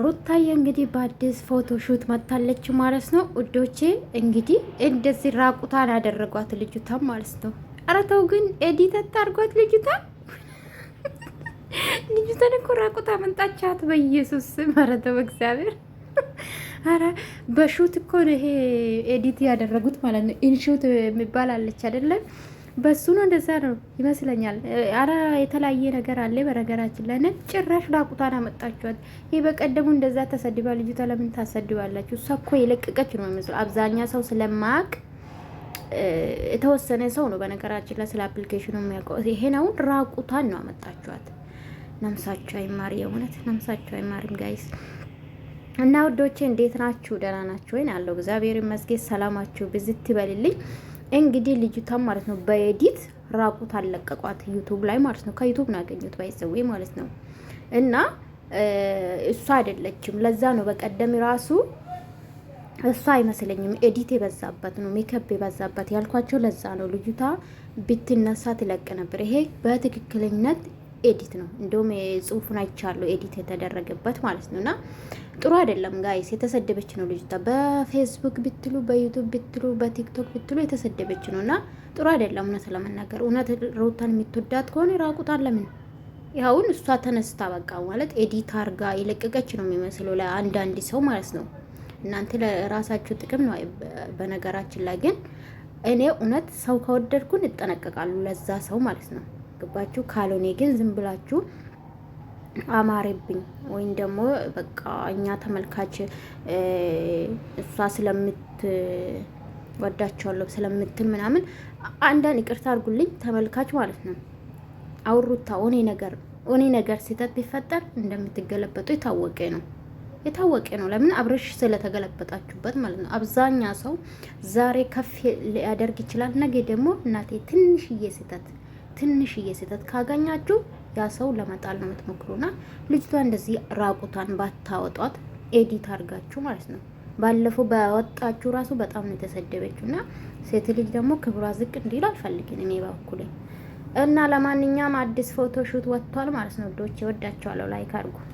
ሩታዬ እንግዲህ በአዲስ ሹት መታለች ማለት ነው ውዶቼ። እንግዲህ እንደዚህ ራቁታን ያደረጓት ልጅቷን ማለት ነው። ኧረ ተው ግን ኤዲት አድርጓት ልጅቷን። ልጅቷን እኮ ራቁታ መንጣቻት በኢየሱስ ኧረ ተው እግዚአብሔር። ኧረ በሹት እኮ ይሄ ኤዲት ያደረጉት ማለት ነው። ኢንሹት የሚባል አለች አይደለም በሱ ነው እንደዛ ነው ይመስለኛል። አረ የተለያየ ነገር አለ። በነገራችን ላይ ነጭ ጭራሽ ራቁቷን አመጣችኋት። ይህ በቀደሙ እንደዛ ተሰድባ ልጅቷ ለምን ታሰድባላችሁ? እሷ እኮ የለቀቀች ነው የሚመስለው። አብዛኛ ሰው ስለማያውቅ የተወሰነ ሰው ነው በነገራችን ላይ ስለ አፕሊኬሽኑ የሚያውቀው። ይሄን አሁን ራቁቷን ነው አመጣችኋት። ነምሳቸው አይማር፣ የእውነት ነምሳቸው አይማርም ጋይስ እና ውዶቼ እንዴት ናችሁ? ደህና ናችሁ ወይን? አለው እግዚአብሔር ይመስገን። ሰላማችሁ ብዝት ይበልልኝ። እንግዲህ ልጅቷን ማለት ነው በኤዲት ራቁት አለቀቋት ዩቱብ ላይ ማለት ነው። ከዩቱብ ነው ያገኙት ባይዘዌ ማለት ነው። እና እሷ አይደለችም። ለዛ ነው በቀደም ራሱ እሷ አይመስለኝም ኤዲት የበዛበት ነው ሜካፕ የበዛበት ያልኳቸው ለዛ ነው። ልጅቷ ብትነሳ ትለቅ ነበር። ይሄ በትክክለኛነት ኤዲት ነው። እንደውም ጽሁፉን አይቻለሁ ኤዲት የተደረገበት ማለት ነው። እና ጥሩ አይደለም ጋይስ። የተሰደበች ነው ልጅቷ። በፌስቡክ ብትሉ፣ በዩቱብ ብትሉ፣ በቲክቶክ ብትሉ የተሰደበች ነው እና ጥሩ አይደለም። እውነት ለመናገር እውነት ሩታን የምትወዳት ከሆነ ራቁታን ለምን ይኸውን እሷ ተነስታ በቃ ማለት ኤዲት አርጋ የለቀቀች ነው የሚመስለው ለአንዳንድ ሰው ማለት ነው። እናንተ ለራሳችሁ ጥቅም ነው። በነገራችን ላይ ግን እኔ እውነት ሰው ከወደድኩን ይጠነቀቃሉ ለዛ ሰው ማለት ነው። ገባችሁ? ካልሆኔ ግን ዝም ብላችሁ አማሬብኝ ወይም ደግሞ በቃ እኛ ተመልካች እሷ ስለምት ወዳቸዋለሁ ስለምትል ምናምን አንዳንድ ይቅርታ አድርጉልኝ ተመልካች ማለት ነው። አውሩታ ኦኔ ነገር ኦኔ ነገር ስህተት ቢፈጠር እንደምትገለበጡ የታወቀ ነው የታወቀ ነው። ለምን አብረሽ ስለተገለበጣችሁበት ማለት ነው። አብዛኛ ሰው ዛሬ ከፍ ሊያደርግ ይችላል። ነገ ደግሞ እናቴ ትንሽዬ ስህተት ትንሽዬ ስህተት ካገኛችሁ ያ ሰው ለመጣል ነው የምትሞክሩና ልጅቷ እንደዚህ ራቁቷን ባታወጧት ኤዲት አድርጋችሁ ማለት ነው። ባለፈው በወጣችሁ ራሱ በጣም ነው የተሰደበችው። እና ሴት ልጅ ደግሞ ክብሯ ዝቅ እንዲል አልፈልግም እኔ በኩሌ። እና ለማንኛውም አዲስ ፎቶ ሹት ወጥቷል ማለት ነው። ዶች ወዳቸዋለሁ። ላይክ አድርጉ።